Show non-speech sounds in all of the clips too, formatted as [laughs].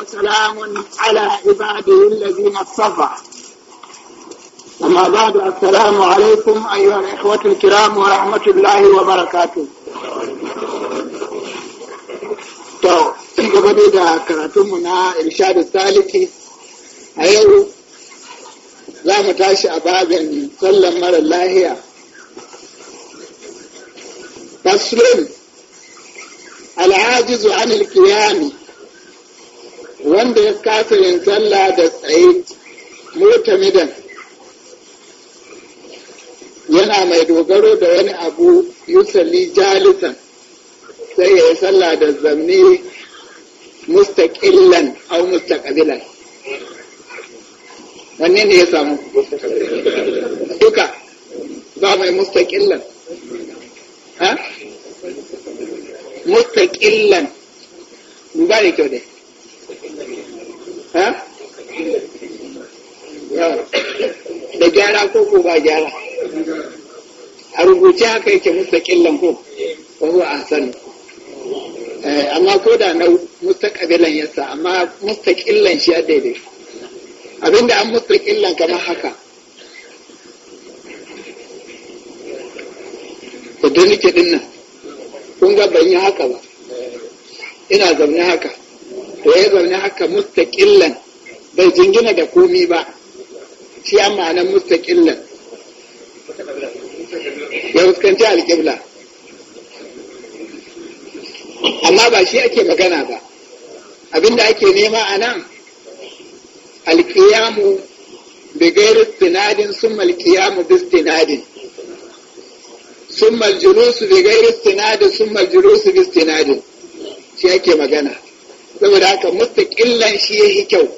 وسلام على عباده الذين اصطفى وما بعد السلام عليكم ايها الاخوه الكرام ورحمه الله وبركاته تو قبل دا ارشاد السالك ايو لا متاش ابابا سلم مر الله يا تسلم العاجز عن الكيان wanda ya kasa yin sallah da tsaye mota midan, yana mai dogaro da wani abu yusalli jalisan sai ya yi sallah da zamni mustaƙillan au mustaƙabilan wanne ne ya samu duka ba mai mustaƙillan ha mustaƙillan ba da kyau dai ha da gyara ko ko ba gyara a rubuce haka yake mustaƙillan ko ko a sani eh, amma ko da na mustaƙabilan yasa amma mustaƙillan shi a daidai abinda an mustaƙillan kamar haka da nake dinnan kun ga ban yi haka ba ina zaune haka to ya zaune haka mustaƙillan bai jingina da komi ba shi an ma'anar mustaƙillan ya fuskanci alƙibla amma ba shi ake magana ba abinda ake nema a nan alƙiyamu بغير sun ثم القيام باستناد ثم الجلوس بغير استناد ثم bis باستناد shi ake magana saboda haka mustaqillan shi ya yi kyau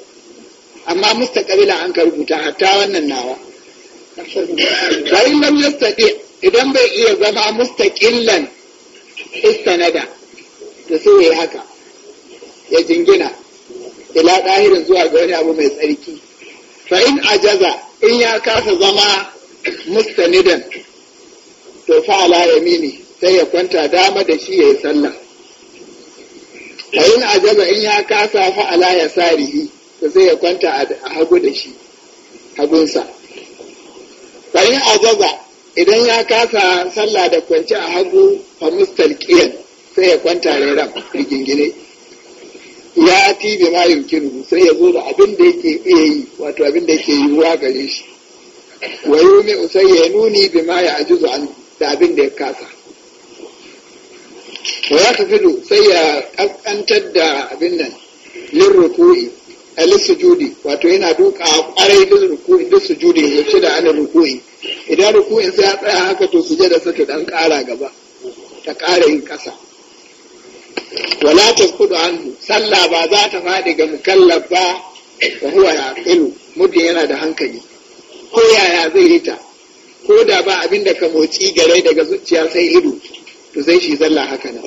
amma mustaqbilan an ka rubuta hatta wannan nawa bayan lam idan bai iya zama mustaƙillan istanada da sai yayi haka ya jingina ila dahirin zuwa ga wani abu mai tsarki fa in ajaza in ya kasa zama mustanidan to fa ala yamini sai ya kwanta dama da shi yayi sallah fa'in ajaba in ya kasa fa ala ya sarihi to sai ya kwanta a hagu da shi hagunsa fa'in ajaba idan ya kasa sallah da kwanci a hagu fa mustalqiyan sai ya kwanta da ram rigingine ya ti bi ma yumkinu sai ya zo da abin da yake iya yi wato abin da yake yiwuwa gare shi Wayo mai usai ya nuni bi ma ya ajizu da abin da ya kasa wa ya tafidu sai ya ƙasƙantar da abin nan lin ruku'i a lissujudi wato yana duka kwarai da ruku'i da sujudi ya ce da ana ruku'i idan ruku'in sai ya tsaya haka to sujada da ta dan ƙara gaba ta ƙara yin ƙasa wala kudu hannu. sallah ba za ta faɗi ga mukallaf ba wa huwa muddin yana da hankali ko yaya zai yi ta ko da ba abin da ka motsi gare daga zuciya sai ido to sai shi zalla haka nan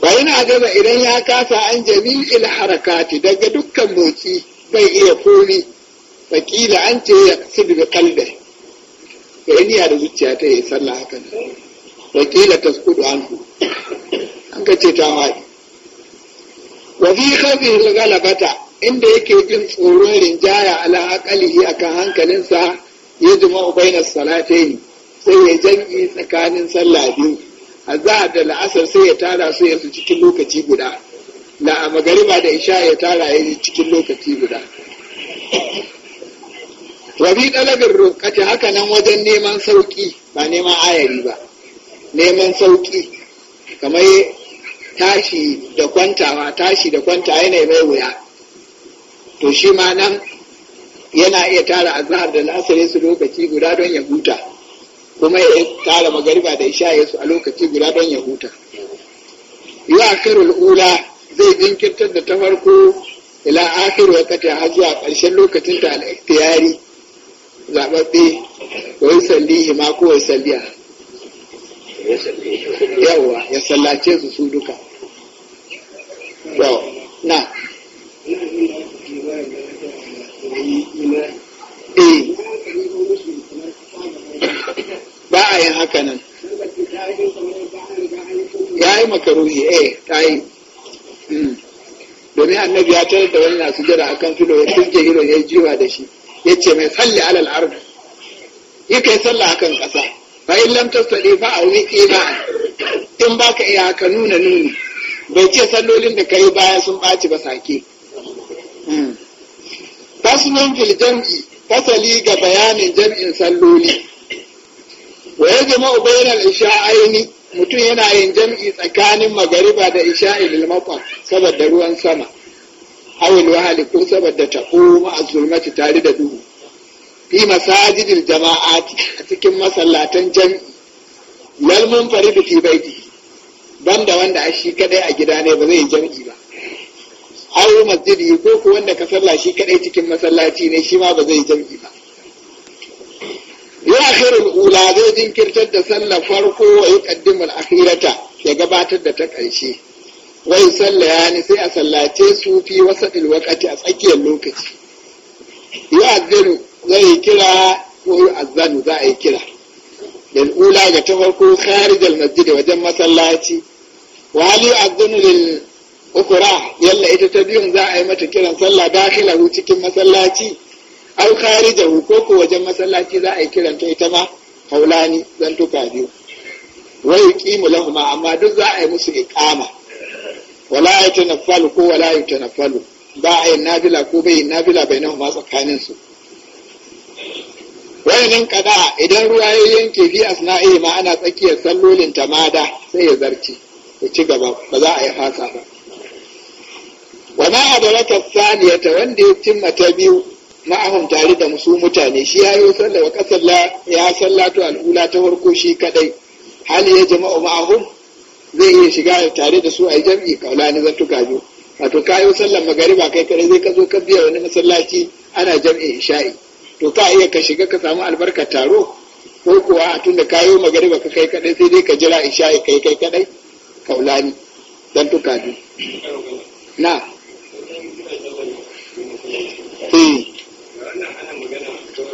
bayan gaza idan ya kasa an jami'il harakati daga dukkan motsi bai iya komi fakila an ce ya sidu da kalbe ya yi da zuciya ta yi sallah haka nan wakila ta skudu anhu an ka ce ta haɗi wa fi khafi galabata inda yake jin tsoron rinjaya ala aqalihi akan hankalinsa ya jima'u bainas salatayn sai ya jan'i tsakanin sallah biyu A azhar da la'asar sai ya tara su yanzu cikin lokaci guda na magariba da isha ya tara ya cikin lokaci guda Rabi ɗalabin rukati haka nan wajen neman sauƙi ba neman ayari ba neman sauƙi kamar tashi da kwantawa tashi da kwanta yana mai wuya to shi ma nan yana iya tara azhar da la'asar su lokaci guda don ya huta kuma ya kara magariba da isha yasu a lokaci guda don ya huta yi akirul ula zai jinkirtar da ta farko ila akir wakati har zuwa ƙarshen lokacin ta al-ikhtiyari wai salli hima ko salliya yawa ya sallace su su duka na eh ba a yin haka nan ya yi makaruhi eh ta yi hmm. domin annabi ya tarar da wani nasu jira a kan filo ya tunke hiro ya yi jiwa da shi ya ce mai salli alal ardu yi kai sallah a kan ƙasa ba in lam tasali ba a wiki ba in ba ka iya haka nuna nuni bai ce sallolin da ka yi baya sun ɓaci ba sake hmm. fasulun fil jam'i fasali ga bayanin jam'in salloli wa ya jama'u bainal isha'aini mutum yana yin jam'i tsakanin magariba da isha'i lil saboda ruwan sama awil wahali ko saboda taqu a azulmati tare da duhu fi masajidil jama'ati a cikin masallatan jam'i lal munfarid fi baiti banda wanda a shi kadai a gida ne ba zai yi jam'i ba aw masjidi ko ko wanda ka sallah shi kadai cikin masallaci ne shi ma ba zai yi jam'i ba ya akhiru ula zai jinkirtar da sallar farko wa ya kaddimar akhirata ya gabatar da ta ƙarshe wai sallaya ne sai a sallace su fi wasaɗin wakati a tsakiyar lokaci ya azanu zai kira ko azanu za a yi kira lil ula ga ta farko kharij al masjid wajen masallaci wa hal yu'adhinu lil ukra yalla ita ta biyun za a yi mata kiran sallah dakhilahu cikin masallaci au kharijahu ko ko wajen masallaci za a yi kiranta ita ma haulani tuka biyu wai kimu lahuma amma duk za a yi musu iqama wala yatanaffalu ko wala yatanaffalu ba a yi nafila ko bai yi nafila bai nahu tsakanin su wayanin kada idan ruwa ya yanke fi asna'i ma ana tsakiyar sallolin tamada sai ya zarce ya ci gaba ba za a yi fasa ba wa ma adaraka saniyata wanda ya cimma ta biyu ma'ahum tare da musu mutane shi ya yi da wa kasalla ya sallatu al'ula ta farko shi kadai hali ya jama'u ma'ahum zai iya shiga tare da su a jam'i kaula ni zan tuka biyu wato ka yi sallar ba kai kadai zai ka zo ka biya wani masallaci ana jam'i isha'i to ka iya ka shiga ka samu albarka taro ko kuwa a tunda ka yi magariba ka kai kadai sai dai ka jira isha'i kai kai kadai kaula ni zan tuka biyu na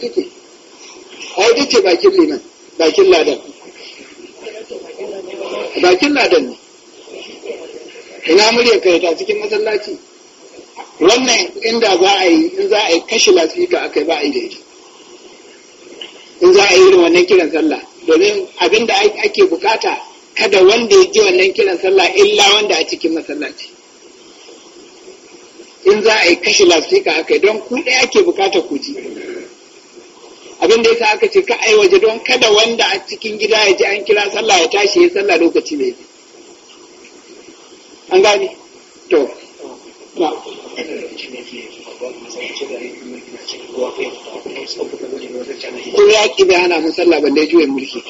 ci kake ai duk ce bakin liman bakin ladan bakin ladan ne ina murya kai ta cikin masallaci wannan inda za a yi in za a yi kashe lafika aka yi ba a yi daidai in za a yi irin wannan kiran sallah domin abin da ake bukata kada wanda ya ji wannan kiran sallah illa wanda a cikin masallaci in za a yi kashe lafika aka yi don ku ɗaya ake bukata ku ji abin da yasa aka ce ka ai waje don kada wanda a cikin gida ya ji an kira sallah ya tashi ya sallah lokaci ne an gane to na ko ya ki da ana mun sallah balle juyin mulki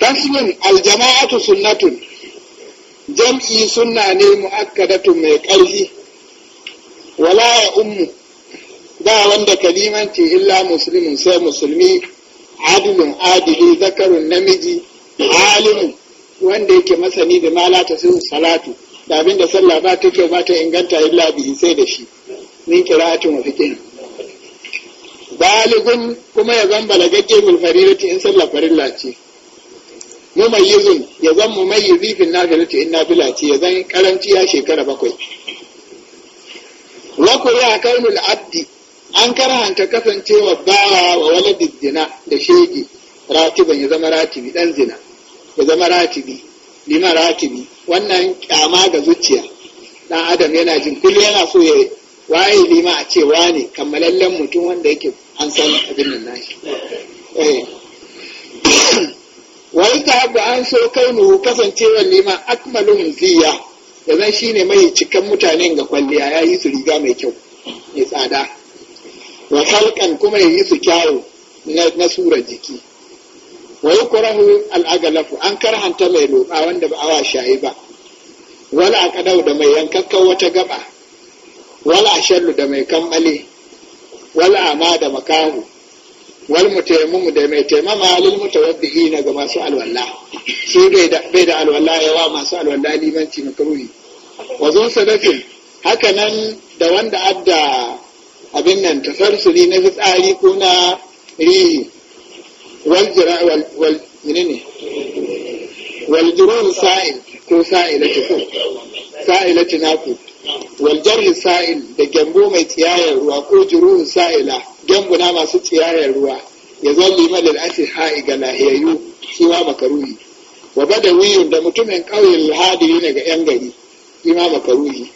tasmin aljama'atu sunnatun jam'i sunna ne mu'akkadatun mai ƙarfi wala ya ummu ba wanda kalimanci illa musulmin sai musulmi adilin adili zakarun namiji alimu wanda yake masani da mala ta sun salatu da abin da sallah ba ta kyau ba ta inganta illa bihi sai da shi min kira'atin wa fiqhin baligun kuma ya zan balagagge bil farirati in sallah farilla ce mayyizun ya zan mayyizi fi nafilati in nafila ce ya zan karanci ya shekara bakwai wa kuriya kaunul abdi an karanta kasancewa bawa wa wani zina da shege ratiban ya zama ratibi dan zina ya zama ratibi lima ratibi wannan kyama ga zuciya dan adam yana jin kullum yana so ya waye lima a ce wane kammalallen mutum wanda yake an san abin nan nashi eh. wai ta an so kasancewa kasancewar lima akmalun ziya Yanzu shi ne mai cikin mutane ga kwalliya ya yi su riga mai kyau mai tsada wa halkan kuma ya yi su kyawu na sura jiki wa yi kurahu al'agalafu an karhanta mai roƙa wanda ba awa shayi ba wala a kadau da mai yankakkan wata gaba wala a shallu da mai kammale wala a ma da makahu wal mutayammimu da mai taimama lil mutawaddihina ga masu alwala shi bai da bai da alwala yawa masu alwala limanci makruhi wa zun sadafin haka nan da wanda adda abin nan tafarsuli na fitsari ko na rihi wal jira wal wal wal jurun sa'il ko sa'ilati ko sa'ilati naku wal jarri sa'il da gyambo mai tsiyayen ruwa ko jurun sa'ila Genguna masu tsiyarar ruwa ya zan liman lil'asir ha'i ga lahiyayyu su ma makaruhi wa wiyun da mutumin ƙauyen hadiri ne ga 'yan gari shi ma makaruhi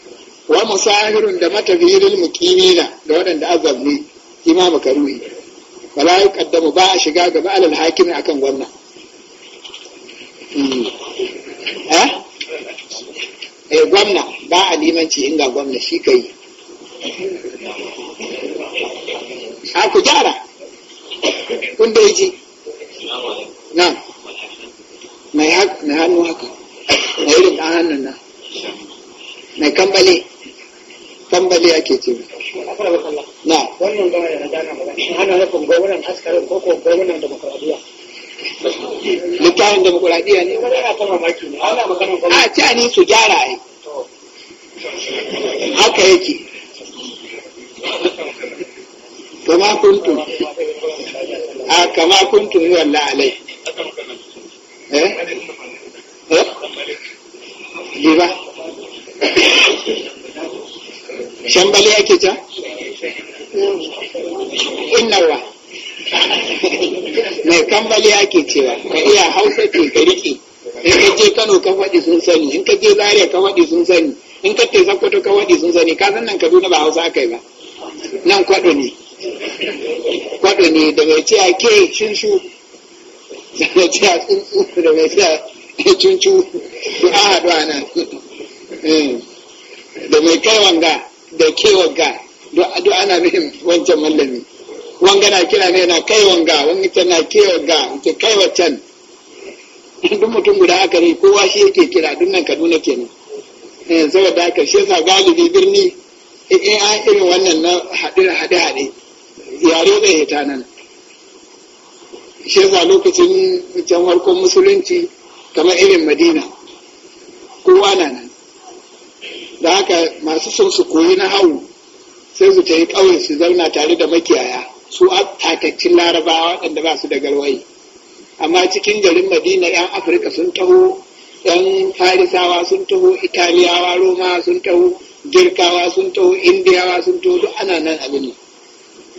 wa musahirun da matafiyirin mukimina ga waɗanda azabni shi ma makaruhi wala kaddamu ba a shiga gaba alal hakimi akan gwamna hmm. eh gwamna ba a limanci gwamna shi kai a ku gyara kun da ji nan mai hannu haka mai irin ɗan hannun na mai kambale kambale ake ce na wannan gawar da na hannu na kuma gwamnan askarin ko ko gwamnan demokuraɗiyya littafin demokuraɗiyya ne a ce ne su gyara ai haka yake kama kuntum a kama kuntum walla alai eh eh ba shambali ake ta inawa, mai kambali ake cewa ka iya hausa ke ka riƙe in ka je kano ka faɗi sun sani in ka je zaria ka faɗi sun sani in ka te sokoto ka faɗi sun sani ka san nan kaduna ba hausa aka yi ba nan kwaɗo ne kwaɗo ne da mai ciya ke shinshu da mai ciya tsuntsu da mai ciya cincu da a haɗu a nan eh. da mai kai wanga da ke wanga duk ana nufin wancan mallami wanga na kira ne na kai wanga wani can na ke wanga ta kai wancan duk mutum guda aka ne kowa shi yake kira duk nan kaduna kenan eh, saboda aka shi yasa galibi birni in an irin wannan na haɗe-haɗe yare da ya ta nan shi lokacin can harkon musulunci kamar irin madina kowa na nan da haka masu son su koyi na hau sai su ta yi ƙauye su zauna tare da makiyaya su a takaccin larabawa waɗanda ba su da garwai. amma cikin garin madina 'yan afirka sun taho 'yan farisawa sun taho italiyawa roma sun taho girkawa sun taho indiyawa sun taho duk ana nan abin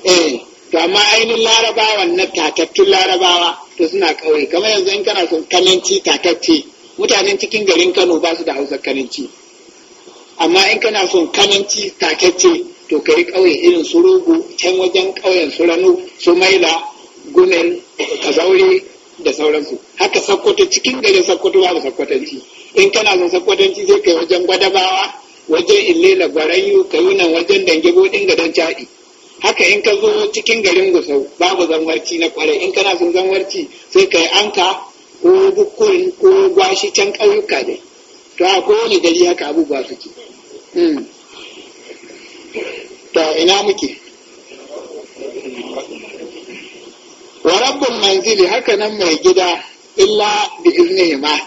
eh to amma ainihin larabawa na tatattun larabawa to suna ƙauye kamar yanzu in kana son kananci tatacce mutanen cikin garin kano ba su da hausa kananci amma in kana son kananci tatacce to kari ƙauye irin su rogo can wajen ƙauyen su rano su maila gumel kazaure da sauransu haka sakkwato cikin garin sakkwato babu sakkwatanci in kana son sakkwatanci sai kai wajen gwadabawa wajen illela gwarayu kayunan wajen dange gadon caɗi haka in ka zo cikin garin Gusa babu zanwarci na kware in kana son zanwarci sai ka yi anka ko bukkun ko gwashi can ƙauyuka dai to a kowane gari haka abubuwa suke hmm. to ina muke wa Rabban manzili haka nan mai gida illa bi ma,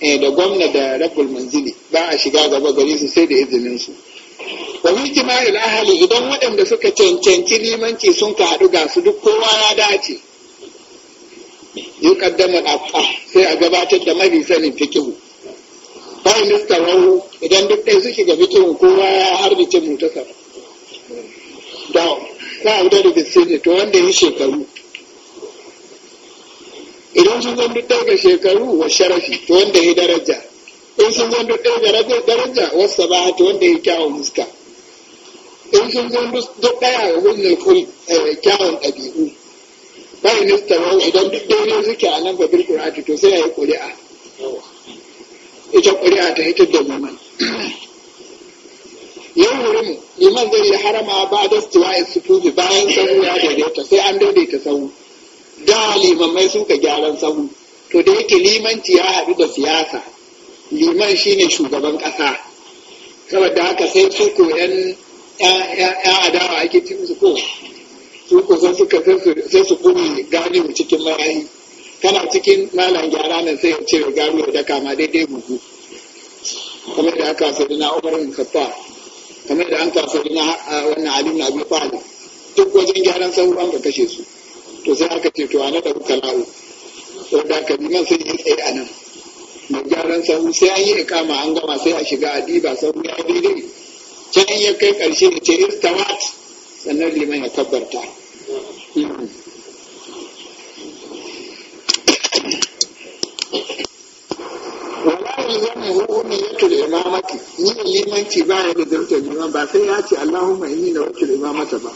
eh, da gwamna da rabbul manzili ba a shiga gaba gari su sai da izinin su wa hikima ila hali, idan waɗanda suka cancanci limanci sun ka haɗu ga su duk kowa ya dace Yi al-afqa sai a gabatar da mafi sanin fikihu bayan rahu idan duk ɗaya suke ga fikihu kowa ya harbice mutasa da za a da bisini to wanda yi shekaru idan sun zan duk ɗai ga shekaru wa sharafi to wanda yi daraja in sun zando ɗaya ga daraja wasu ba ta wanda ya kyawun fuska in sun zo duk ɗaya ga wannan kuri eh, kyawun ɗabi'u bai ne tawo idan duk daidai suke a nan babir kuratu to sai a yi ƙuri'a ita ƙuri'a ta hitar da liman yau wurin liman zai yi harama ba da tuwa su sufufi bayan sahu ya daidaita sai an daidaita sahu da limamai suka gyaran sahu to da yake limanci ya haɗu da siyasa liman shine shugaban ƙasa saboda haka sai su ko yan adawa ake cin su ko su ko sai suka sai su kuni mu cikin marayi kana cikin malam gyara nan sai ce gani da kama daidai gugu. kamar da aka sadi na umar bin khattab kamar da an kasa na wannan ali na abi talib duk wajen gyaran sahu an ka kashe su to sai aka ce to ana da kala'u to da ka liman sai ya tsaye a nan da gyaran sahu sai an yi ikama an gama sai a shiga a diba sahu ya daidai can ya kai karshe da ce wat sannan liman ya kabbarta imamati yin limanci ba ya da zartar liman ba sai ya ce Allahumma yi na wakil imamata ba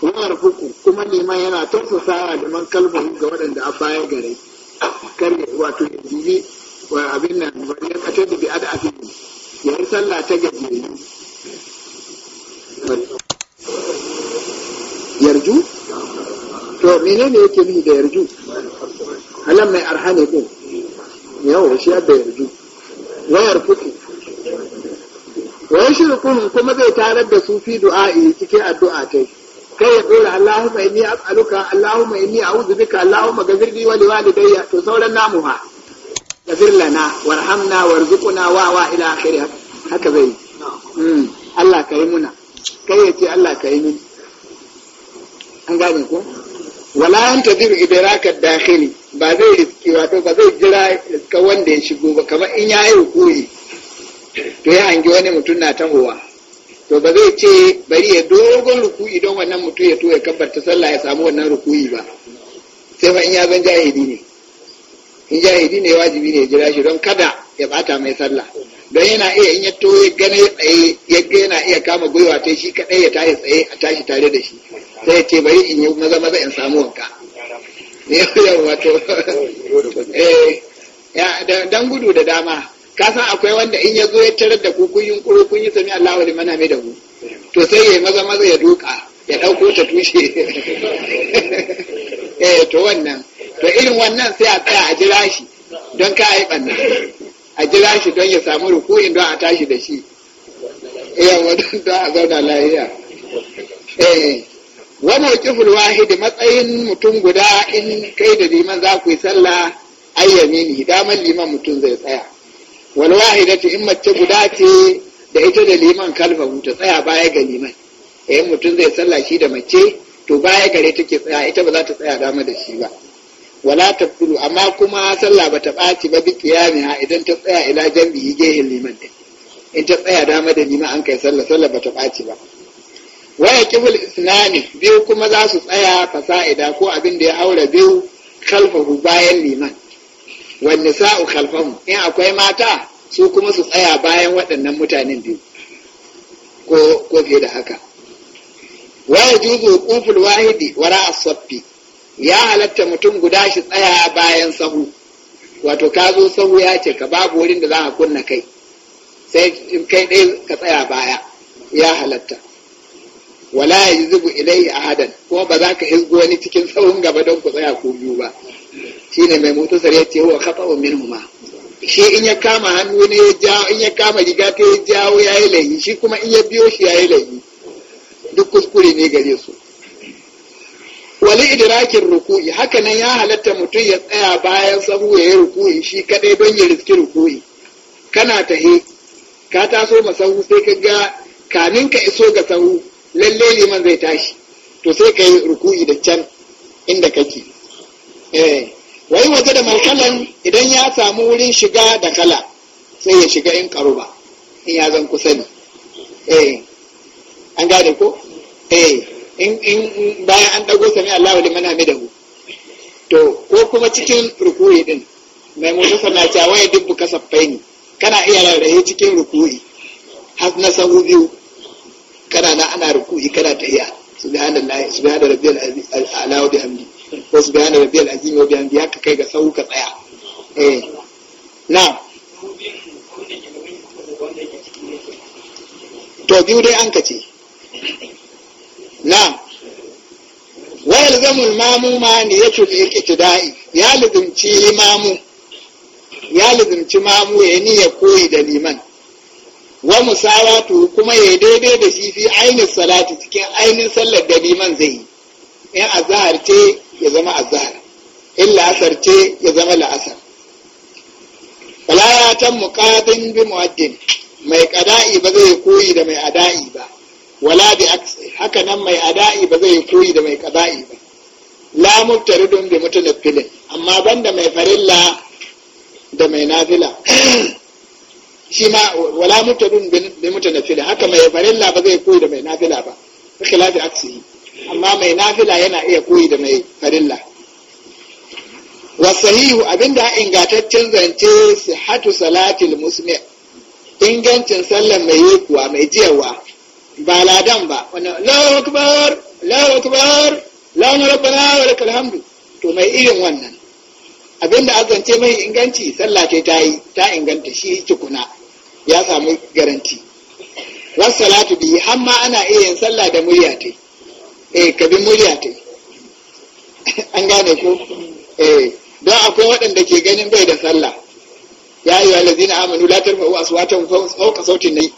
wannan fuku kuma liman yana tausasa da man kalbahu ga waɗanda a baya gare karya wato ya jibi wa abin nan ya yi sallah ta yarju to menene yake nufi da yarju halan mai arhane ko yawo shi da yarju wayar fuki wayar shirkun kuma zai tarar da sufi fi du'a'i cikin addu'a ta yi kai ya dora Allahumma inni as'aluka Allahumma inni a'udhu bika Allahumma ghfir li wa li walidayya to sauran namu ha ghfir lana warhamna warzuqna wa wa ila akhirih haka zai hmm. Allah ka yi muna kai ya ce Allah ka yi mini an gane ko wala yantadir idraka dakhili ba zai riski wato ba zai jira ka wanda ya shigo ba kamar in yayi hukuri to ya hangi wani mutum na tahowa to ba zai ce bari ya dogon rukuyi don wannan mutum ya to ya kabbarta sallah ya samu wannan rukuyi ba sai fa in ya zan jahidi ne in jahidi ne wajibi ne ya jira shi don kada ya bata mai sallah don yana iya in ya to ya gane tsaye ya yana iya kama gwiwa ta shi kadai ya tashi tsaye a tashi tare da shi sai ya ce bari in yi maza maza in samu wanka ne yau wato eh dan gudu da dama ka san akwai wanda in ya zo ya tarar da ku kun yi kuro kun yi sami mana mai da mu to sai ya maza maza ya duka ya dauko ta tushe [laughs] eh to wannan to irin wannan sai a tsaya a jira shi don ka yi banna a jira shi don ya samu rukuin don a tashi da shi eh wannan don a zauna lafiya eh wani wakifin wahidi matsayin mutum guda in kai da liman za ku yi sallah ne, daman liman mutum zai tsaya wal wahidatu in mace guda ce da ita da liman kalfahu ta tsaya baya ga liman yayin eh, mutum zai sallah shi da mace to baya gare take tsaya ita ba za ta tsaya dama da shi ba wala tafkulu amma kuma sallah ta ɓaci ba yami qiyamiha idan ta tsaya ila jambi gehin liman din in ta tsaya dama da liman an kai sallah sallah ta ɓaci ba waya kibul islami biyu kuma za su tsaya fasa'ida ko abin da ya aura biyu kalfahu bayan liman wanne sa'u khalfahum in akwai mata su kuma su tsaya bayan waɗannan mutanen biyu ko ko fiye da haka wa yajuzu quful wahidi wara as ya halatta mutum guda shi tsaya bayan sahu wato ka zo sahu ya ce ka babu wurin da za a kunna kai sai in kai ɗaya ka tsaya baya ya halatta wala ya zubu ilai hadan, kuma ba za ka hizgo wani cikin sahun gaba don ku tsaya ko biyu ba ne mai mutu ya ce huwa wa minhuma shi in ya kama hannu ne ya jawo in ya kama riga ta ya jawo ya yi layi, shi kuma in ya biyo shi ya yi layi. duk kuskure ne gare su wali idrakin ruku'i haka nan ya halatta mutum ya tsaya bayan sahu ya yi ruku'i shi kadai don ya riski ruku'i kana tahe ka taso ma sahu sai ka ga kamin ka iso ga sahu lalle liman zai tashi to sai ka yi ruku'i da can inda kake eh wai waje da kalan idan ya samu wurin shiga da kala sai ya shiga in karuba in ya zan kusa ne eh an gane ko eh in in bayan an dago sami Allahu liman hamidahu to ko kuma cikin rukuyi din mai mutufa sana ta wai dubbu kasafai ne kana iya rarrahe cikin rukuyi har na sahu biyu kana na ana rukuyi kana iya. subhanallahi subhana rabbil alamin ala wa wasu bayanin da biyar azimi wa biyan biya ka kai ga sau ka tsaya eh na to biyu dai an kace na wa zamun mamu ma ne ya cuta yake tida'i ya lizumci mamu ya lizumci mamu ya niyya koyi da liman wa musawatu kuma ya daidai da shi fi ainihin salati cikin ainihin sallar da liman zai yi in azahar ce ya zama azahar in la'asar ce ya zama la'asar ya tan muqadin bi muaddin mai qada'i ba zai koyi da mai ada'i ba wala bi aksi haka nan mai ada'i ba zai koyi da mai qada'i ba la mubtaridun bi filin. amma banda mai farilla da mai nafila [clears throat] shi ma wala mubtadun bi filin. haka mai farilla ba zai koyi da mai nafila ba khilafi aksi amma mai nafila yana iya koyi da mai farilla wasahihu abinda ingantaccen zance sihatu salatil musmi ingancin sallar mai yi kuwa mai jiyawa ba ladan ba wani lawa akbar lawa akbar lawa to mai irin wannan abinda azance mai inganci sallah ta ta yi ta inganta shi cikuna ya samu garanti wasu salatu biyu har ana iya yin sallah da murya ta yi eh ka bi murya ta an gane ko eh don akwai waɗanda ke ganin bai da sallah ya yi wa lazina amanu la tarfa'u aswatan fawqa sautin nayi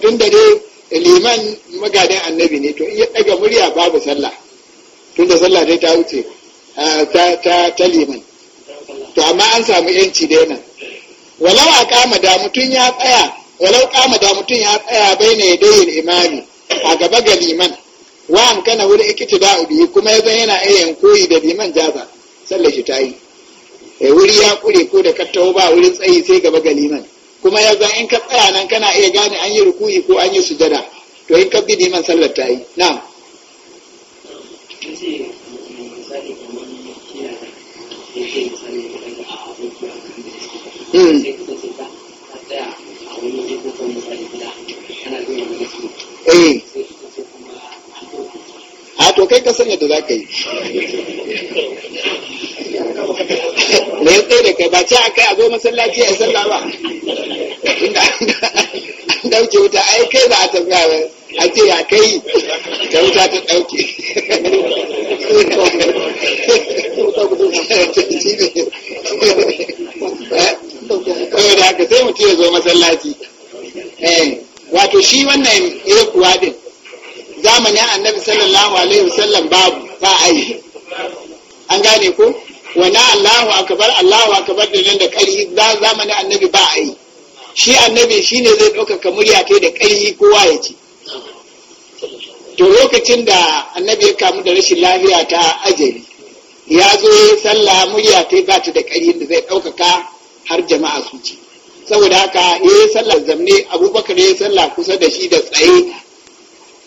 tun da dai liman magadan annabi ne to in ya daga murya babu sallah tun da sallah dai ta wuce ta liman to amma an samu yanci dai nan walau a kama da mutum ya tsaya walau kama da mutum ya tsaya bai ne dai imani a gaba ga liman wa kana wuri iktida'u kuma ya zan yana iya koyi da liman jaza sallar shi ta yi eh, wuri ya kure ko da kattawo ba wurin tsayi sai gaba ga liman kuma ya zan in ka tsaya nan kana iya gane an yi rukuyi ko an yi sujada to in ka bi liman sallar ta yi na'am hmm. Eh. to kai ka san yadda za ka yi da ya tsaye da kai ba ce a kai a zo masallaci yi sallah ba inda an dauke wuta a yi kai ba a tafiya ba a ce ya kai ta wuta ta dauke da haka sai mutum ya zo masallaci wato shi wannan ya kuwa din zamanin annabi sallallahu alaihi wasallam babu ba ai an gane ko wani allahu akbar allahu akbar da nan da karhi zamanin annabi ba a yi shi annabi shine zai ɗaukaka murya kai da karhi kowa ya ci to lokacin da annabi ya kamu da rashin lafiya ta ajali ya zo ya sallah murya kai ba ta da karhin da zai ɗaukaka har jama'a su ci saboda haka ya yi sallar zamne abubakar ya yi sallah kusa da shi da tsaye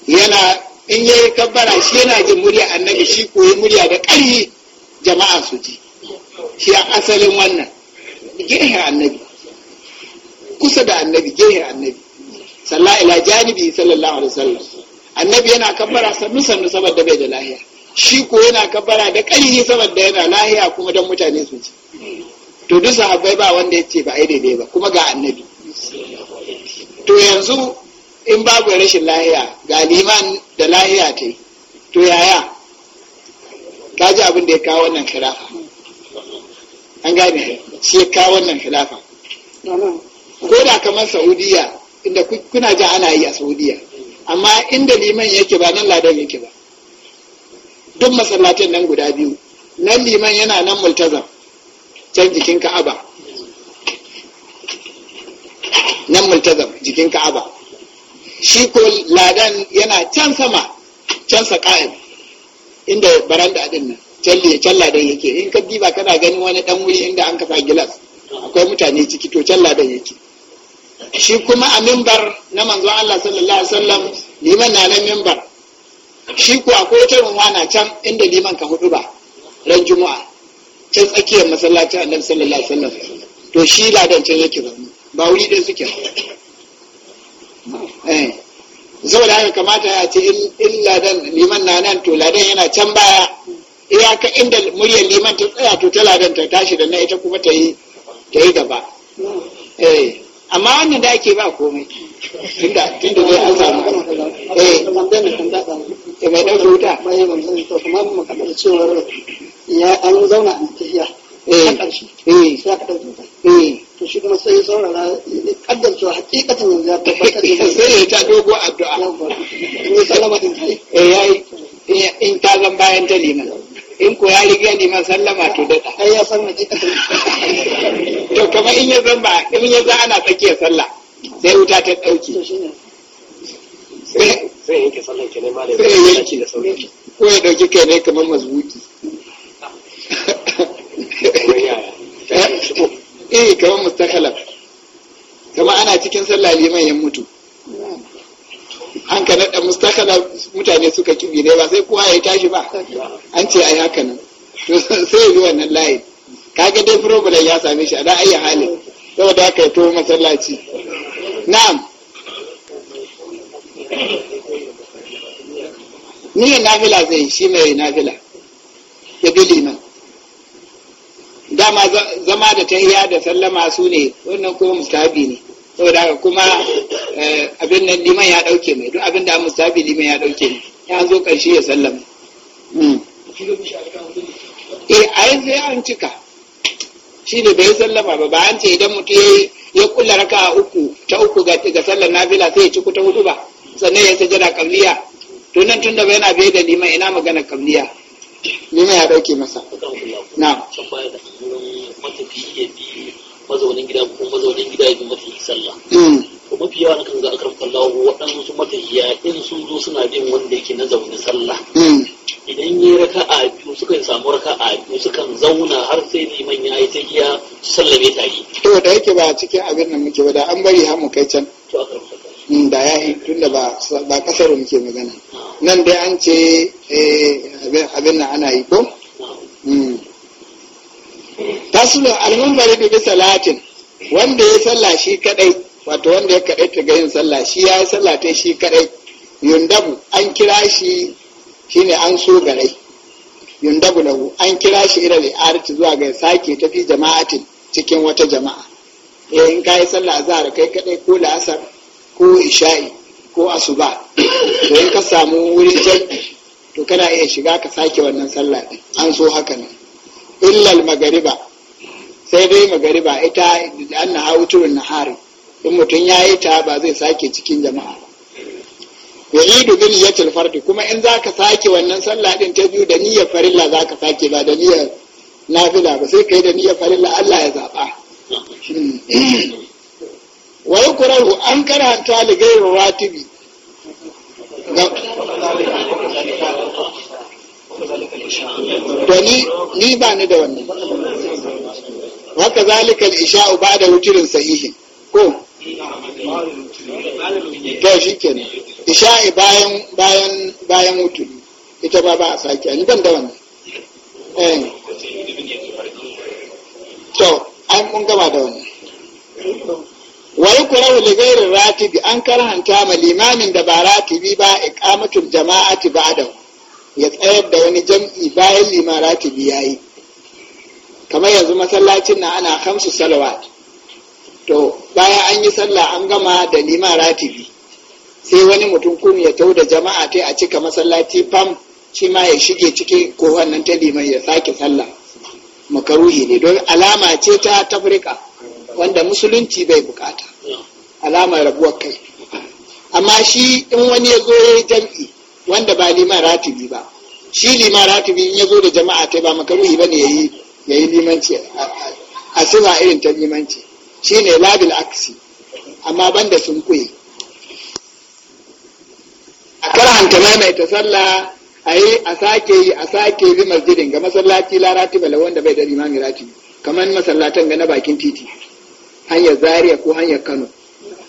yana in ya yi kabbara shi yana jin murya annabi shi koyi murya da ƙarfi jama'a su ji shi a asalin wannan gehen annabi kusa da annabi gehen annabi sallallahu ila janibi sallallahu alaihi wasallam annabi yana kabbara sannu sannu saboda bai da lahiya shi ko yana kabbara da ƙarfi saboda yana lahiya kuma don mutane su ji to duk sahabbai ba wanda ya ce ba ai daidai ba kuma ga annabi to yanzu in babu rashin lahiya ga liman da lahiya ta to yaya ka ji abin da ya kawo wannan khilafa an gane shi ya kawo wannan khilafa ko da kamar saudiya inda kuna ji ana yi a saudiya amma inda liman yake ba nan ladan yake ba duk masallacin nan guda biyu nan liman yana nan multazam can jikin ka'aba nan multazam jikin ka'aba shi ko ladan yana can sama can saka'in inda baranda din nan can can ladan yake in ka diba kana ganin wani dan wuri inda an kasa gilas akwai mutane ciki to can ladan yake shi kuma a mimbar na manzo Allah sallallahu alaihi wasallam liman na nan mimbar shi ko akwai wata ruwa na can inda liman ka hudu ba ran juma'a can tsakiyar masallacin annabi sallallahu alaihi wasallam to shi ladan can yake ba wuri din suke Eh. saboda haka kamata ya ce illa dan liman na nan to ladan yana can baya iyaka inda muryar liman ta tsaya to ta ladan ta tashi da na ita kuma ta yi ta yi gaba eh amma wannan da ake ba komai tunda tunda zai an samu eh eh mai dauke wuta mai manzon to kuma mu kada cewa ya an zauna a tafiya eh eh sai ka dauke wuta eh to shi kuma sai saurara hakikatan yanzu ya tabbatar [laughs] sai ta dogo addu'a sallama din yayi eh, in ta zan bayan ta in ko ya riga sallama to da ya san hakikatan to kamar in ya zan ba in ya zan ana sallah sai wuta ta dauke yanke sallan ke ne ma da da ko ya dauki kai ne kamar mazbuki [laughs] eh kamar mustakhalaf kamar ana cikin sallah liman ya mutu an ka naɗa mustakhalaf mutane suka kibi ne ba sai kowa ya tashi ba an ce ai haka nan sai ya zuwa nan layi kaga dai problem ya same shi a da ayi halin saboda haka ya to masallaci na'am ni nafila zai shi mai nafila ya bi liman dama zama da ta iya da sallama su ne wannan kuma mustabi ne saboda haka kuma eh, abin nan liman ya dauke mai duk abin da mustabi liman ya dauke ne ya zo karshe ya sallama hmm. eh a yanzu ya an cika shi ne bai sallama ba ba an ce idan mutum ya ya kulla raka uku ta uku ga sallar nafila sai ya ci ta hudu ba sannan ya sajada kamliya to nan da bai yana bai da liman ina magana kamliya nuna ya dauke masa na mazaunin gida ko mazaunin gida ya bi sallah mm. to mafi yawa na kan ga akan kallahu waɗansu matafiya in sun zo suna bin wanda yake na zaune sallah mm. idan yi raka a biyu sukan samu raka a biyu sukan zauna har sai liman ya yi ta giya sallame tare to da yake ba a cikin abin nan muke ba da an bari har mu kai can to a karfafa da ya yi tun da ba kasar muke magana nan dai an ce eh, abin na ana yi ko hmm. tasirin almambari da bisa latin wanda ya salla shi kadai wato wanda ya kadai ta yin salla shi ya yi sallah ta shi kadai yundabu an kira shi shine an so garai yundabu lahu an kira shi ila li'arci zuwa ga sake tafi jama'atin cikin wata jama'a eh, in ka yi sallah a kai kadai ko la'asar ko isha'i ko asuba to in ka samu wurin can to kana iya shiga ka sake wannan sallah an so haka nan illal magariba sai dai magariba ita da an na na hari in mutum ya yi ta ba zai sake cikin jama'a wa idu bin yatil fardi kuma in zaka sake wannan sallah din ta biyu da niyyar farilla za sake ba da niyyar nafila ba sai kai da niyyar farilla Allah ya zaɓa hmm. wa yukrahu an karanta li ghayri ratibi to ni ni ba ni da wannan haka al isha'u ba'da da wuturin sahihin ko to shi kenan isha'i bayan bayan bayan wuturi ita ba ba a sake ni ban da wannan eh to an mun gama da wannan wa yukrahu li ghairi ratibi an karhanta ma limamin da ba ratibi ba iqamatul jama'ati ba'da ya tsayar da wani jam'i bayan liman ratibi yayi kamar yanzu masallacin na ana kamsu salawat to bayan an yi sallah an gama da liman ratibi sai wani mutum kun ya tau da jama'a ta a cika masallaci fam shi ma ya shige cikin ko wannan ta liman ya sake sallah makaruhi ne don alama ce ta tafrika wanda musulunci bai bukata alamar rabuwar kai amma shi in wani ya zo ya yi jam'i wanda ba liman ratibi ba shi liman ratibi in ya zo da jama'a ta ba makaruhi ba ne ya yi limanci a suna irin ta limanci shi ne labil aksi amma banda sun kuye a karanta maimaita sallah a yi a sake yi a sake yi masjidin ga masallaci la ratiba wanda bai da liman ratibi kamar masallatan ga na bakin titi hanyar zaria ko hanyar kano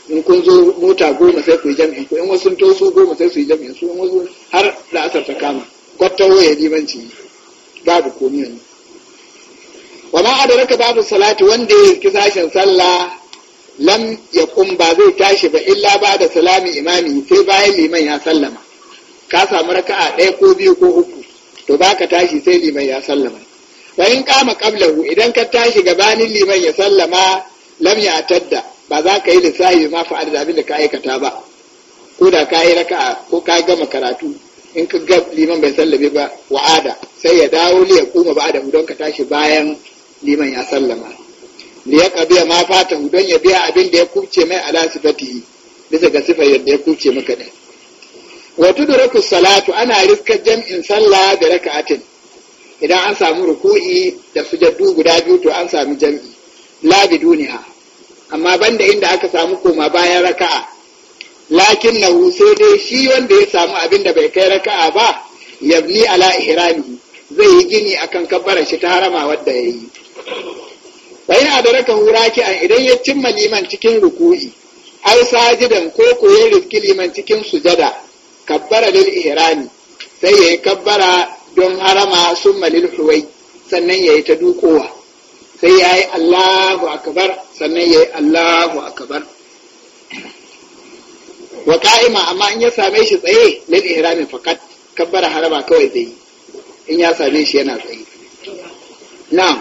in kun zo mota goma sai ku yi jami'in ku in wasu to su goma sai su yi jami'in su in wasu har da asar ta kama gwattawo ya limanci babu komi yanzu wa ma adaraka babu salati wanda ya yi sashen sallah lam ya kun ba zai tashi ba illa ba da salami imami sai bayan liman ya sallama ka samu raka'a ɗaya ko biyu ko uku to ba ka tashi sai liman ya sallama wa in kama qablahu idan ka tashi gabanin liman ya sallama lam ya tadda ba za ka yi lissafi ma fa'al da abin da ka aikata ba ko da ka yi raka ko ka gama karatu in ka ga liman bai sallabe ba wa'ada sai ya dawo li ya kuma ba da don ka tashi bayan liman ya sallama li ya kabiya ma fata don ya biya abin da ya kuce mai ala sifatihi bisa ga sifar yadda ya kuce maka ne wa tudraku salatu ana riskar jam'in sallah da raka'atin idan an samu ruku'i da sujaddu guda biyu to an samu jam'i la duniya, amma banda inda aka samu koma bayan raka'a lakin na sai dai shi wanda ya samu abin da bai kai raka'a ba yabni ala ihrami zai yi gini akan kabbarar shi ta harama wadda ya yi bayan adaraka huraki an idan ya cimma liman cikin ruku'i ai sajidan ko koyi rifki liman cikin sujada kabbara lil ihrami sai ya yi kabbara don harama summa lil huwai sannan ya yi ta dukowa sai ya yi Allahu akabar sannan ya yi Allahu akabar wa ka'ima amma in ya same shi tsaye lil ihrami fakat kabbara haraba kawai zai yi in ya same shi yana tsaye na'am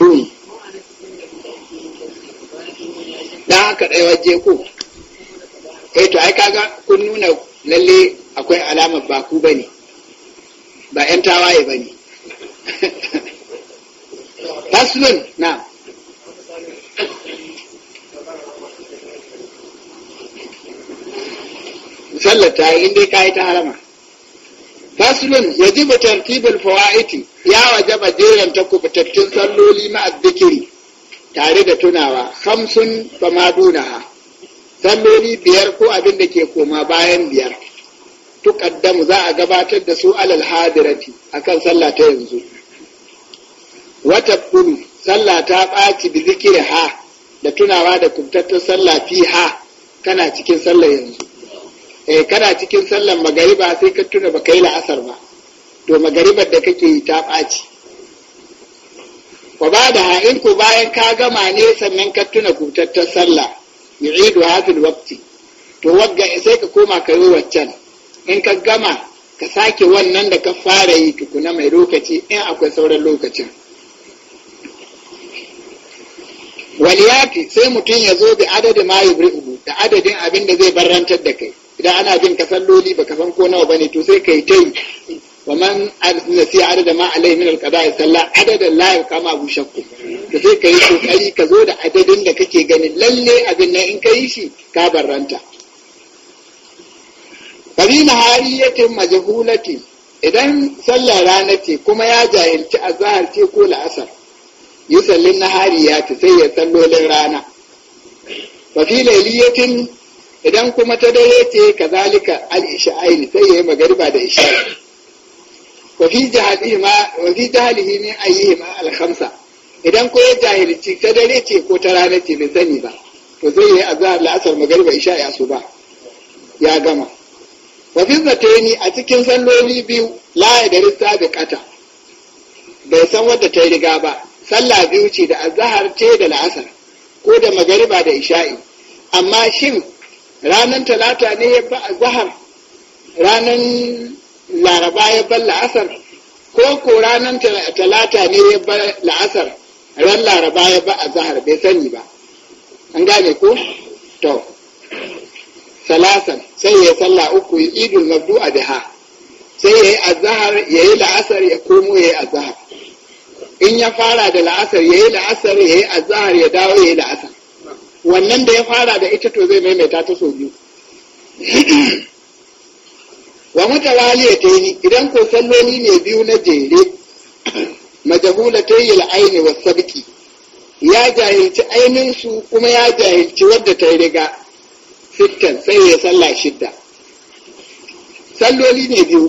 hmm. dan haka ɗaya waje ko eh to ai kaga kun nuna lalle akwai alamar ba ku bane ba 'yan tawaye ba ne faslun na sallar ta yi inda ka yi ta harama faslun ya ji tartibin fawa'iti ya waje ba jeran ta fitattun salloli ma'azzikiri tare da tunawa ba ma dunaha salloli biyar ko abin da ke koma bayan biyar tuqaddamu za a gabatar da su alal hadirati akan sallah ta yanzu wata bulu sallah ta ɓaci bi zikiri ha da tunawa da kubtattar sallah fi ha kana cikin sallah yanzu eh kana cikin sallar magariba sai ka tuna baka yi la'asar ba to magaribar da kake yi ta ɓaci wa ba da in ku bayan ka gama ne sannan ka tuna kubtattar sallah yu'idu hafil waqti to wagga sai ka koma ka yi waccan in ka gama ka sake wannan da ka fara yi tukuna mai lokaci in akwai sauran lokacin waliyati sai mutum ya zo da adadin ma yubri'u da adadin abin da zai barrantar da kai idan ana bin ka salloli ba san ko nawa bane to sai kai yi wa man nasi adadin ma alai min ya salla adadin la yakama bu shakku to sai kai kokari ka zo da adadin da kake ganin lalle abin nan in kai shi ka barranta karina hariyatin majahulati idan sallar rana ce kuma ya jahilci azahar ce ko la'asar yi sallin na hariya ta sai ya sallolin rana fafi lailiyatin idan kuma ta dare ce kazalika al-isha'aini sai ya yi magariba da isha'i wafi jahalihi min ayyihim al-khamsa idan ko ya jahilci ta dare ce ko ta rana ce bai sani ba to zai yi zahar la'asar magariba isha'i asuba ya gama wa fi zataini a cikin salloli biyu la'a da sabiqata bai san wadda ta yi riga ba sallah biyu ce da azahar ce da la'asar ko da magariba da isha'i amma shin ranar talata ne ya ba azahar ranar laraba ya ba la'asar ko ko ranar talata ne ya ba la'asar ran laraba ya ba azahar bai sani ba an gane ko to salasan sai ya sallah uku ya idul mabdu a ha sai ya yi azahar ya yi la'asar ya komo ya yi azahar in ya fara da la'asar ya yi la'asar ya yi azahar ya dawo ya yi la'asar wannan da ya fara da ita to zai maimaita ta so biyu [clears throat] wa mata mutawaliya ta yi idan ko salloli ne biyu na jere [clears throat] majahula ta yi la'aini wa sabiki ya jahilci ainihin su kuma ya jahilci wadda ta yi riga sittan sai ya sallah shidda salloli ne biyu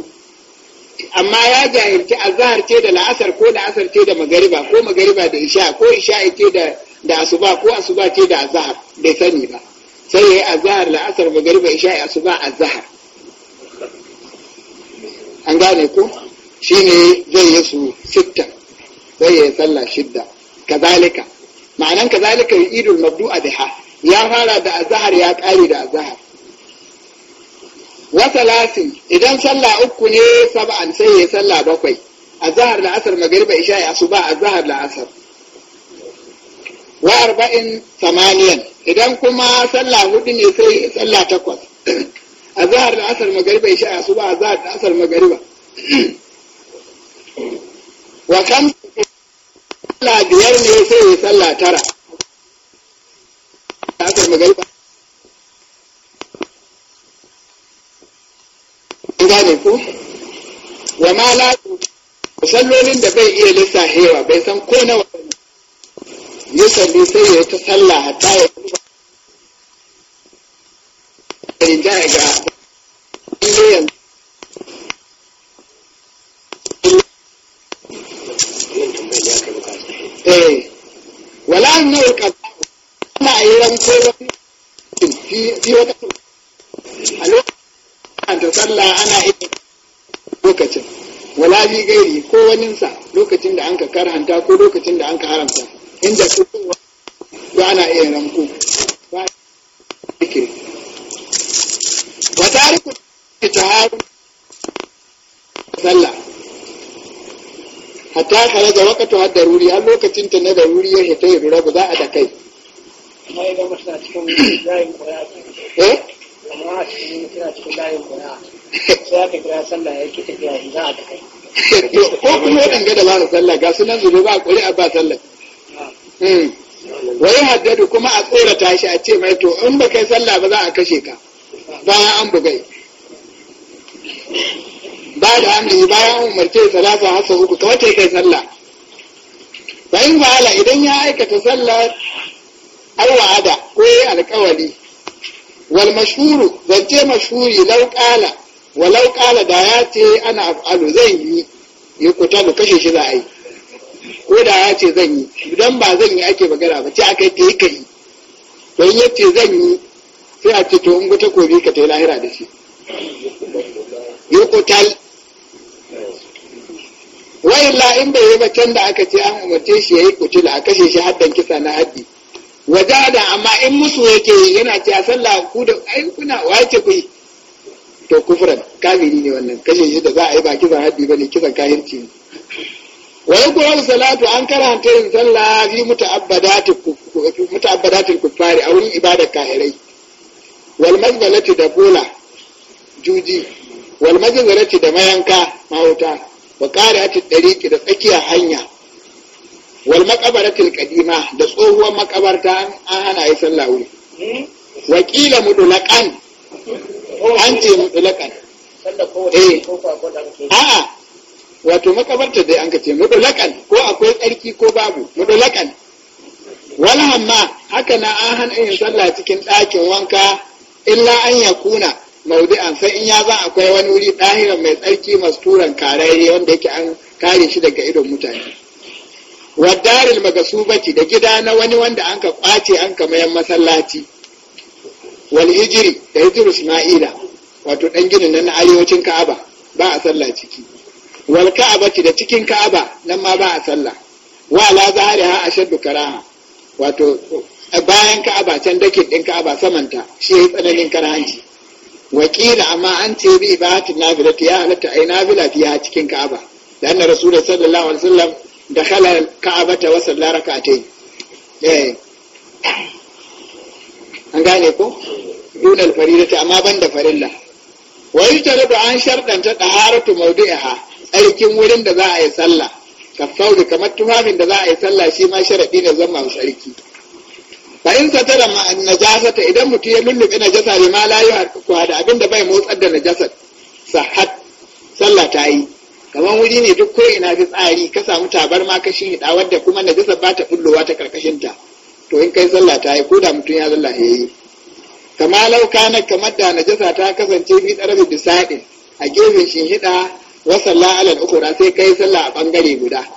amma ya jahilci azahar ce da la'asar ko la'asar ce da magariba ko magariba da isha ko isha ce da da asuba ko asuba ce da azahar bai sani ba sai ya yi azahar la'asar magariba isha asuba azahar an gane ko shi ne zai yi su sai ya yi sallah shidda kazalika ma'anan kazalika yi idul mabdu'a biha ya fara da azahar ya ƙare da azahar wa lasin idan sallah uku ne saba'an sai ya sallah bakwai azahar da asar magariba isha ya asuba azahar da asar wa arba'in samaniyan idan kuma sallah hudu ne sai sallah takwas [clears throat] azahar da asar magariba isha ya asuba azahar da asar magariba [clears throat] wa kam sallah biyar ne sai ya sallah tara ake muzalifa an gane ku wa ma la sallolin da bai iya lissahewa bai san ko na wani ya salli sai ya ta sallah hatta ya rinjaya ga indiyan eh, wala annawar kaza a lokacin da sallah ana iya lokacin wala gairi ko waninsa lokacin da an ka karhanta ko lokacin da an ka haramta inda su ba ana iya ranko ba zikiri wa tariku taharu sallah hatta kare da wakatu har daruri har lokacin ta na daruri ya hita ya rura ba za a da kai amma idan masu na cikin yayin [coughs] koya eh kuma ba ba kuri a ba sallah hmm. wai haddadu kuma a tsorata shi a ce mai to in ba kai sallah ba za a kashe ka bayan an bugai ba da amri bayan umarce salata hasa uku ka ta kai sallah bayan wahala idan ya aikata sallar alwa'ada wa'ada ko ya alkawali wal mashhuru zance mashhuri law qala walau qala da ya ce ana af'alu zan yi ya kuta kashe shi za yi ko da ya ce zan yi idan ba zan yi ake magana ba ce aka yi ka yi don ya ce zan yi sai a ce to in ga takobi ka ta yi lahira da shi ya kuta wa'illa in bai yi ba can da aka ce an umarce shi ya yi kutula a kashe shi haddan kisa na haddi da amma in musu yake yana cewa sallah ku da ai kuna wace ku to kufran kafiri ne wannan kashe shi da za a yi ba kisan haddi bane kisan kahirci ne wa yakuru salatu an karanta yin sallah fi muta'abbadatil muta'abbadatil kuffari a wurin ibadar kahirai wal mazbalati da bola juji wal mazbalati da mayanka mawuta wa qari'atit dariqi da tsakiya hanya wal maqabaratil qadima da tsohuwar makabarta an hana yi sallah wuri wa qila mudlaqan an ce mudlaqan eh a'a wato makabarta dai an kace mudlaqan ko akwai tsarki ko babu mudlaqan wal hamma haka na an hana yin sallah cikin ɗakin wanka illa an yakuna maudu'an sai in ya za akwai wani wuri ɗahira mai tsarki masturan kararre wanda yake an kare shi daga idon mutane wadaril magasubati da gida na wani wanda an ka kwace an ka mayan masallaci wal hijiri da hijiru isma'ila wato dan ginin nan na arewacin ka'aba ba a sallah ciki wal ka'abati da cikin ka'aba nan ma ba a sallah wa la zahariha ashaddu karaha wato bayan ka'aba can dake din ka'aba samanta shi ya tsananin karahanci wakila amma an ce bi ibahatin nafilati ya halatta ai nafila fiya cikin ka'aba da annabi rasulullahi sallallahu alaihi wasallam da khala ka'abata wa sallara ka'atai eh an gane ko dunal faridati amma ban da farilla wa yujtarabu an shartan ta taharatu mawdi'iha tsarkin wurin da za a yi sallah kafauri kamar tufafin da za a yi sallah shi ma sharadi ne zama tsarki fa in satara ma najasata idan mutum ya lullube najasa bi ma la yuhaqqiqu da abinda bai motsar da najasar sahat sallah ta yi kamar wuri ne duk ko ina tsari ka samu tabarma ka shi da wadda kuma najasa ba ta bullowa ta karkashin ta to in kai sallah ta yi ko da mutum ya zalla ya yi kama lauka na kamar da najasa ta kasance bi tsarabi bisaɗin a gefen shinhiɗa wa sallah alal ukura sai kai sallah a bangare guda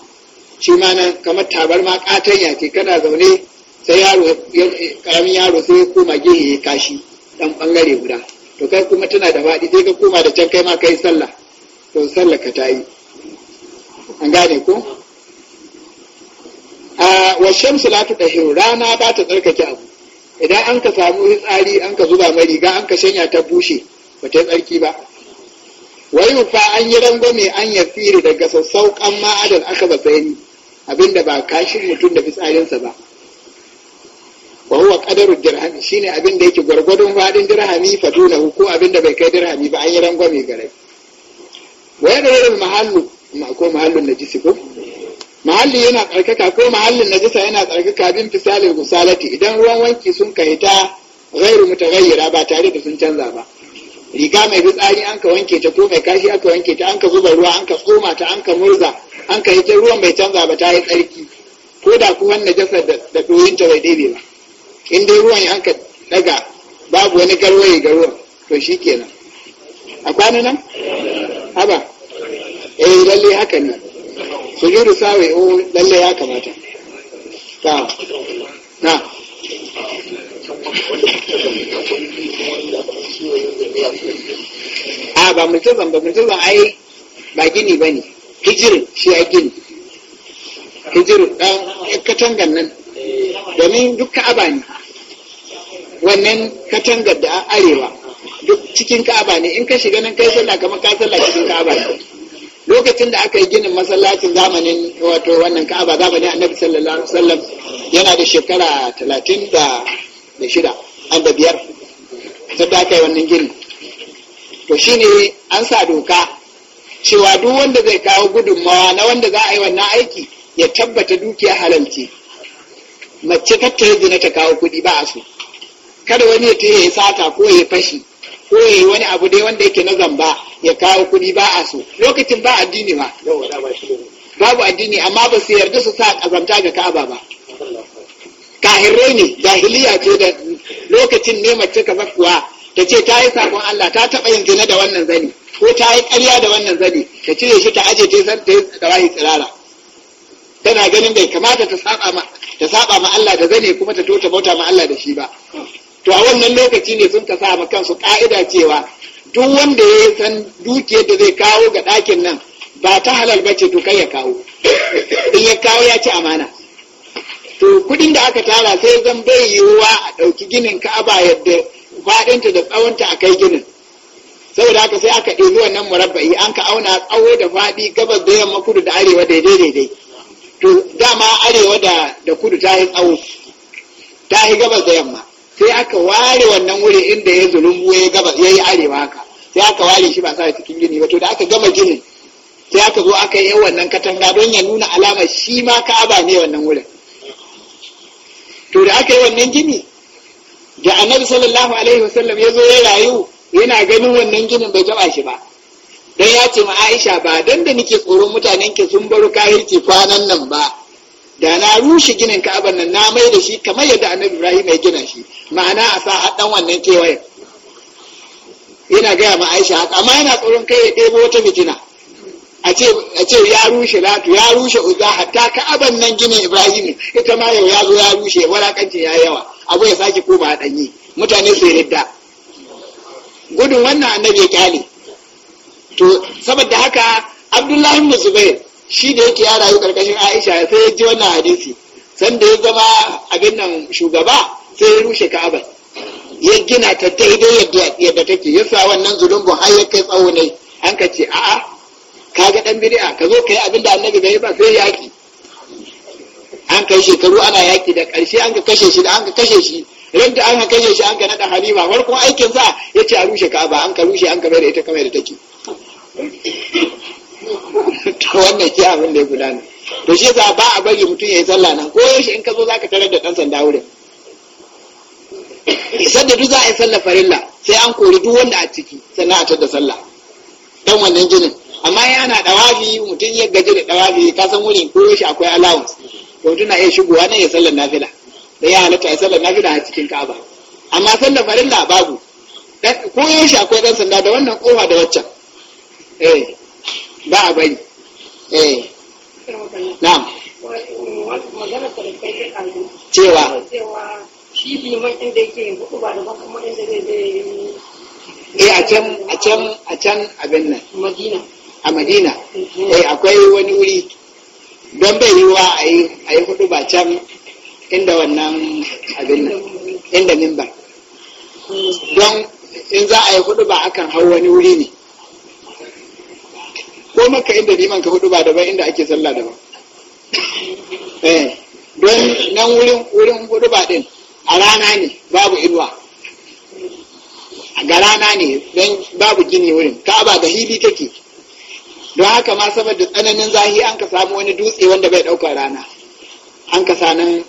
shi ma nan kamar tabarma katanya ce kana zaune sai yaro karamin yaro sai koma gehe kashi dan bangare guda to kai kuma tana da faɗi sai ka koma da can kai ma kai sallah to sallaka ta yi an gane ko a washen salatu da rana ba ta tsarkake abu idan an ka samu tsari an ka zuba mai riga an ka shanya ta bushe ba ta tsarki ba wai fa an yi rangwame an ya firi daga sassauƙan ma'adar aka ba ni, abinda ba kashin mutum da fitsarinsa ba wa huwa qadaru dirhami shine abinda yake gwargwadon fadin dirhami fa duna ko abinda bai kai dirhami ba an yi rangwame garai wa da gare mahallu Ko ko na najisi ko mahalli yana tsarkaka ko mahallin najisa yana tsarkaka bin fisalin gusalati idan ruwan wanki sun kai ta gairu mutagayyara ba tare da sun canza ba riga mai fitsari an ka wanke ta ko mai kashi aka wanke ta an ka zuba ruwa an ka tsoma ta an ka murza an ka yi ruwan bai canza ba ta yi tsarki ko da ku wannan jasa da ɗoyinta bai daidai ba in dai ruwan an ka daga babu wani garwaye ga to shi kenan a kwana nan haba eh lalle haka ne sujudu sawi o oh, lalle ya kamata ta na a ba multazam ba multazam ai ba gini ba ne hijirin shi ya gini hijirin ɗan katangar nan domin duk ka'aba ne wannan katangar da arewa cikin ka'aba ne in ka shiga nan kai sallah kamar ka sallah cikin ka'aba ne lokacin da aka yi ginin masallacin zamanin wato wannan ka'aba zamanin annabi sallallahu alaihi wasallam yana da shekara talatin da shida an da biyar sadda aka yi wannan ginin to shine an sa doka cewa duk wanda zai kawo gudunmawa na wanda za a yi wannan aiki ya tabbata dukiya halalci mace tattare zina ta kawo kuɗi ba a so kada wani ya ta yi sata ko ya fashi ko wani abu dai wanda yake na zamba ya kawo kuɗi ba a so lokacin ba addini ba babu addini amma ba su yarda su sa kazanta ga ka'aba ba kahirai ne jahiliya ce da lokacin ne mace ka kuwa ta ce ta yi sakon Allah ta taɓa yin zina da wannan zani ko ta yi ƙarya da wannan zani ta cire shi ta aje ta san ta yi tsirara tana ganin bai kamata ta saba ma Allah da zane kuma ta tota bauta ma Allah da shi ba to a wannan lokaci ne sun sa ma kansu ka'ida cewa duk wanda ya san dukiyar da zai kawo ga ɗakin nan ba ta halal ba ce to kai ya kawo in ya kawo ya ci amana to kudin da aka tara sai zan bai yiwuwa a ɗauki ginin ka'aba yadda faɗinta da tsawonta a kai ginin saboda haka sai aka ɗebi wannan murabba'i an ka auna tsawo da faɗi gabas da yamma kudu da arewa daidai daidai to dama arewa da kudu ta yi tsawo ta yi gabas da yamma sai aka ware wannan wuri inda ya zulumbu ya gaba ya yi arewa haka sai aka ware shi ba sa cikin gini ba to da aka gama ginin sai aka zo aka yi wannan katanga don ya nuna alama shi ma ka'aba ne wannan wurin to da aka yi wannan gini da annabi sallallahu alaihi wasallam ya zo ya rayu yana ganin wannan ginin bai taba shi ba dan ya ce ma Aisha ba dan da nake tsoron mutanen ki sun baro kahirci kwanan nan ba da na rushe ginin ka'aban nan na mai da shi kamar yadda annabi ibrahim ya gina shi ma'ana a sa dan wannan kewayen yana gaya ma aisha haka amma yana tsoron kai ya ɗebo wata fitina a ce ya rushe latu ya rushe uza hatta ka'aban nan ginin ibrahim ita ma yau ya zo ya rushe walakancin ya yawa abu ya sake koma ba ɗanyi mutane su yadda gudun wannan annabi ya kyale to saboda haka abdullahi ibn zubair shi da yake ya rayu karkashin Aisha sai ya ji wannan hadisi sanda ya zama abin nan shugaba sai ya rushe Ka'aba ya gina ta daidai yadda take ya sa wannan zulubin har ya kai tsawo ne an ka ce a'a ka ga dan bid'a ka zo kai abin da annabi bai ba sai yaki an kai shekaru ana yaki da karshe an ka kashe shi da an ka kashe shi ran da an ka kashe shi an ka nada halima farkon aikin sa ya ce a rushe Ka'aba an ka rushe an ka bai da ita kamar da take to wannan ke abin da ya gudana to shi yasa ba a bari mutum ya yi sallah nan ko yaushe in ka zo zaka tarar da dan sanda wurin isan da duk za a yi sallah farilla sai an kori duk wanda a ciki sannan a tadda sallah dan wannan jinin amma ya ana dawafi mutum ya gaji da dawafi ka san wurin ko yaushe akwai allowance to mutum na iya shigowa nan ya sallar nafila da ya halatta ya sallar nafila a cikin ka'aba amma sallar farilla babu ko yaushe akwai dan sanda da wannan kofa da waccan eh ba a bari eh na'am cewa shi inda yake hudu ba da ba kuma inda zai zai eh a can a can a can abin nan madina a madina eh akwai wani wuri don bai yiwa a yi a yi hudu ba can inda wannan abin nan inda nimba don in za a yi hudu ba akan hau wani wuri ne ko maka inda liman ka hudu ba daban inda ake sallah daban [laughs] eh don nan wurin wurin hudu ba din a rana ne babu inuwa ga rana ne don babu gini wurin ka'aba ga hili take don haka ma saboda tsananin zahi an ka samu wani dutse wanda bai ɗaukar rana an ka sanan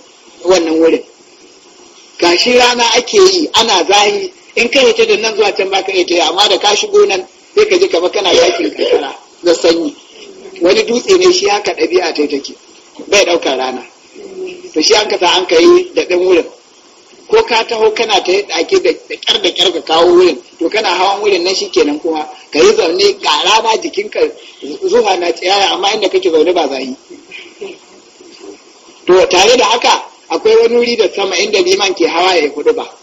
wannan wurin shi rana ake yi ana zahi in ka ta da nan zuwa can ba ka hita amma da ka shigo nan sai ka ji kamar kana yakin kakara da sanyi wani dutse ne shi haka ɗabi'a ta yi take bai ɗaukar rana to shi an kasa an ka yi da ɗan wurin ko ka taho kana ta yi ɗake da ƙyar da ƙyar ka kawo wurin to kana hawan wurin nan shi kenan kuma ka yi zaune ga rana jikinka zuwa na tsaye amma inda kake zaune ba za yi to tare da haka akwai wani wuri da sama inda liman ke hawa ya yi huɗuba. ba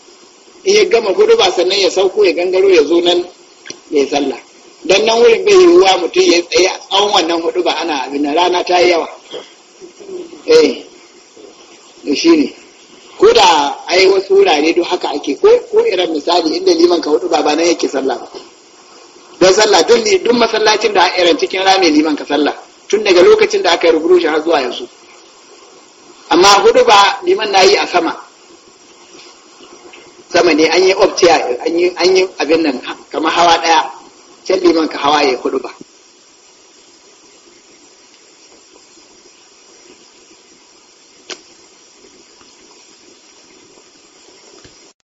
in ya gama hudu sannan ya sauko ya gangaro ya zo nan ya yi sallah don nan wurin bai yiwuwa mutum ya tsaye a tsawon wannan hudu ba ana abin rana ta yi yawa eh da shi ne ko da ai wasu wurare duk haka ake ko ko irin misali inda liman ka hudu ba ba nan yake sallah ba don sallah duk masallacin da irin cikin rami liman ka sallah tun daga lokacin da aka yi shi har zuwa yanzu amma hudu ba liman na yi a sama sama ne an yi optiya an yi abin nan kamar hawa daya sai liman ka hawaye hudu ba